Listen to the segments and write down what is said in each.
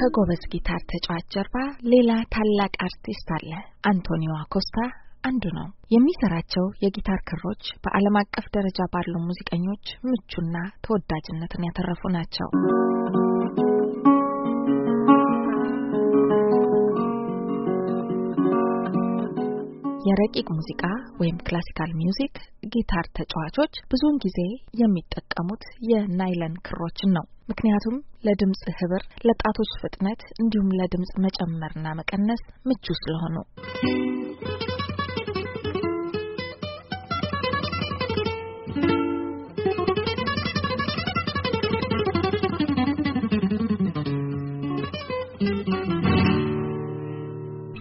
ከጎበዝ ጊታር ተጫዋች ጀርባ ሌላ ታላቅ አርቲስት አለ። አንቶኒዮ አኮስታ አንዱ ነው። የሚሰራቸው የጊታር ክሮች በዓለም አቀፍ ደረጃ ባሉ ሙዚቀኞች ምቹና ተወዳጅነትን ያተረፉ ናቸው። የረቂቅ ሙዚቃ ወይም ክላሲካል ሚውዚክ ጊታር ተጫዋቾች ብዙውን ጊዜ የሚጠቀሙት የናይለን ክሮችን ነው። ምክንያቱም ለድምፅ ህብር፣ ለጣቶች ፍጥነት እንዲሁም ለድምፅ መጨመርና መቀነስ ምቹ ስለሆኑ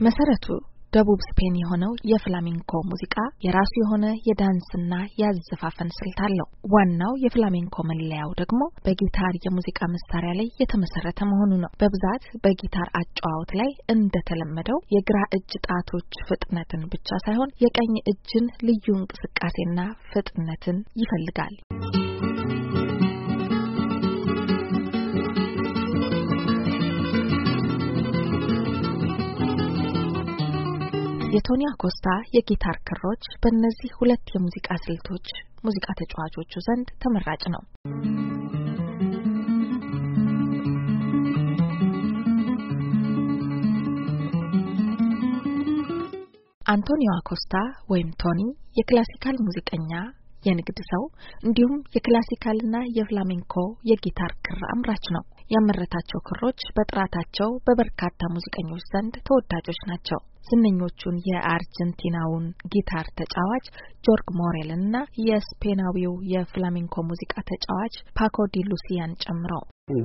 መሰረቱ ደቡብ ስፔን የሆነው የፍላሜንኮ ሙዚቃ የራሱ የሆነ የዳንስና የአዘፋፈን ስልት አለው። ዋናው የፍላሜንኮ መለያው ደግሞ በጊታር የሙዚቃ መሳሪያ ላይ የተመሰረተ መሆኑ ነው። በብዛት በጊታር አጨዋወት ላይ እንደተለመደው የግራ እጅ ጣቶች ፍጥነትን ብቻ ሳይሆን የቀኝ እጅን ልዩ እንቅስቃሴና ፍጥነትን ይፈልጋል። የቶኒ አኮስታ የጊታር ክሮች በእነዚህ ሁለት የሙዚቃ ስልቶች ሙዚቃ ተጫዋቾቹ ዘንድ ተመራጭ ነው። አንቶኒዮ አኮስታ ወይም ቶኒ የክላሲካል ሙዚቀኛ፣ የንግድ ሰው እንዲሁም የክላሲካልና የፍላሜንኮ የጊታር ክር አምራች ነው። ያመረታቸው ክሮች በጥራታቸው በበርካታ ሙዚቀኞች ዘንድ ተወዳጆች ናቸው። ዝነኞቹን የአርጀንቲናውን ጊታር ተጫዋች ጆርግ ሞሬል እና የስፔናዊው የፍላሜንኮ ሙዚቃ ተጫዋች ፓኮ ዲ ሉሲያን ጨምረው uh,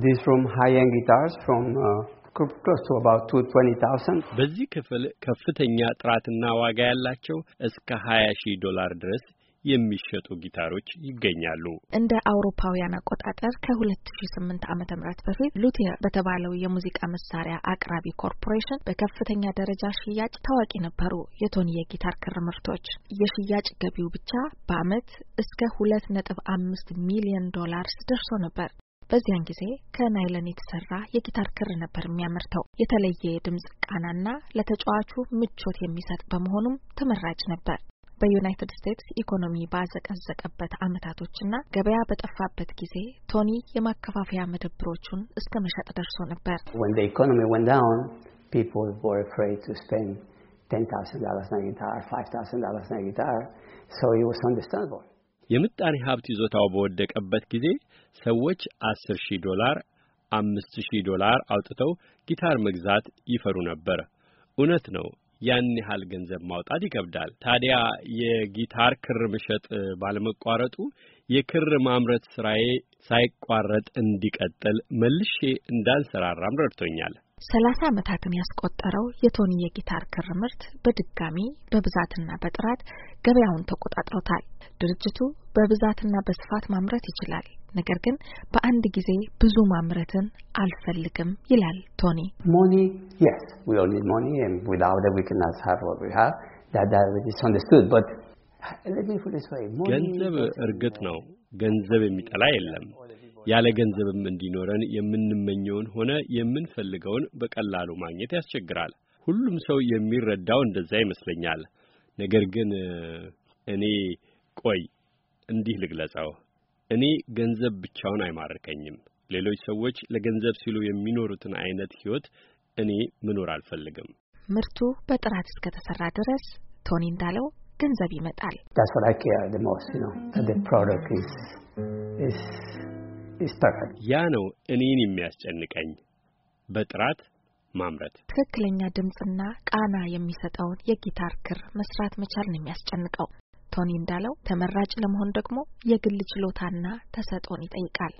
በዚህ ክፍል ከፍተኛ ጥራትና ዋጋ ያላቸው እስከ 20 ሺህ ዶላር ድረስ የሚሸጡ ጊታሮች ይገኛሉ። እንደ አውሮፓውያን አቆጣጠር ከ2008 ዓ.ም በፊት ሉቴር በተባለው የሙዚቃ መሳሪያ አቅራቢ ኮርፖሬሽን በከፍተኛ ደረጃ ሽያጭ ታዋቂ ነበሩ። የቶኒ የጊታር ክር ምርቶች የሽያጭ ገቢው ብቻ በዓመት እስከ 2.5 ሚሊዮን ዶላርስ ደርሶ ነበር። በዚያን ጊዜ ከናይለን የተሰራ የጊታር ክር ነበር የሚያመርተው። የተለየ የድምፅ ቃናና ለተጫዋቹ ምቾት የሚሰጥ በመሆኑም ተመራጭ ነበር። በዩናይትድ ስቴትስ ኢኮኖሚ ባዘቀዘቀበት አመታቶችና ገበያ በጠፋበት ጊዜ ቶኒ የማከፋፈያ መደብሮቹን እስከ መሸጥ ደርሶ ነበር። የምጣኔ ሀብት ይዞታው በወደቀበት ጊዜ ሰዎች አስር ሺህ ዶላር አምስት ሺህ ዶላር አውጥተው ጊታር መግዛት ይፈሩ ነበር። እውነት ነው። ያን ያህል ገንዘብ ማውጣት ይከብዳል። ታዲያ የጊታር ክር መሸጥ ባለመቋረጡ የክር ማምረት ስራዬ ሳይቋረጥ እንዲቀጥል መልሼ እንዳልሰራራም ረድቶኛል። ሰላሳ ዓመታትን ያስቆጠረው የቶኒ የጊታር ክር ምርት በድጋሚ በብዛትና በጥራት ገበያውን ተቆጣጥሮታል። ድርጅቱ በብዛትና በስፋት ማምረት ይችላል። ነገር ግን በአንድ ጊዜ ብዙ ማምረትን አልፈልግም ይላል ቶኒ። ገንዘብ እርግጥ ነው ገንዘብ የሚጠላ የለም። ያለ ገንዘብም እንዲኖረን የምንመኘውን ሆነ የምንፈልገውን በቀላሉ ማግኘት ያስቸግራል። ሁሉም ሰው የሚረዳው እንደዛ ይመስለኛል። ነገር ግን እኔ ቆይ እንዲህ ልግለጸው እኔ ገንዘብ ብቻውን አይማርከኝም። ሌሎች ሰዎች ለገንዘብ ሲሉ የሚኖሩትን አይነት ህይወት እኔ ምኖር አልፈልግም። ምርቱ በጥራት እስከተሰራ ድረስ ቶኒ እንዳለው ገንዘብ ይመጣል። ያ ነው እኔን የሚያስጨንቀኝ በጥራት ማምረት። ትክክለኛ ድምፅና ቃና የሚሰጠውን የጊታር ክር መስራት መቻል ነው የሚያስጨንቀው። ቶኒ እንዳለው ተመራጭ ለመሆን ደግሞ የግል ችሎታና ተሰጦን ይጠይቃል።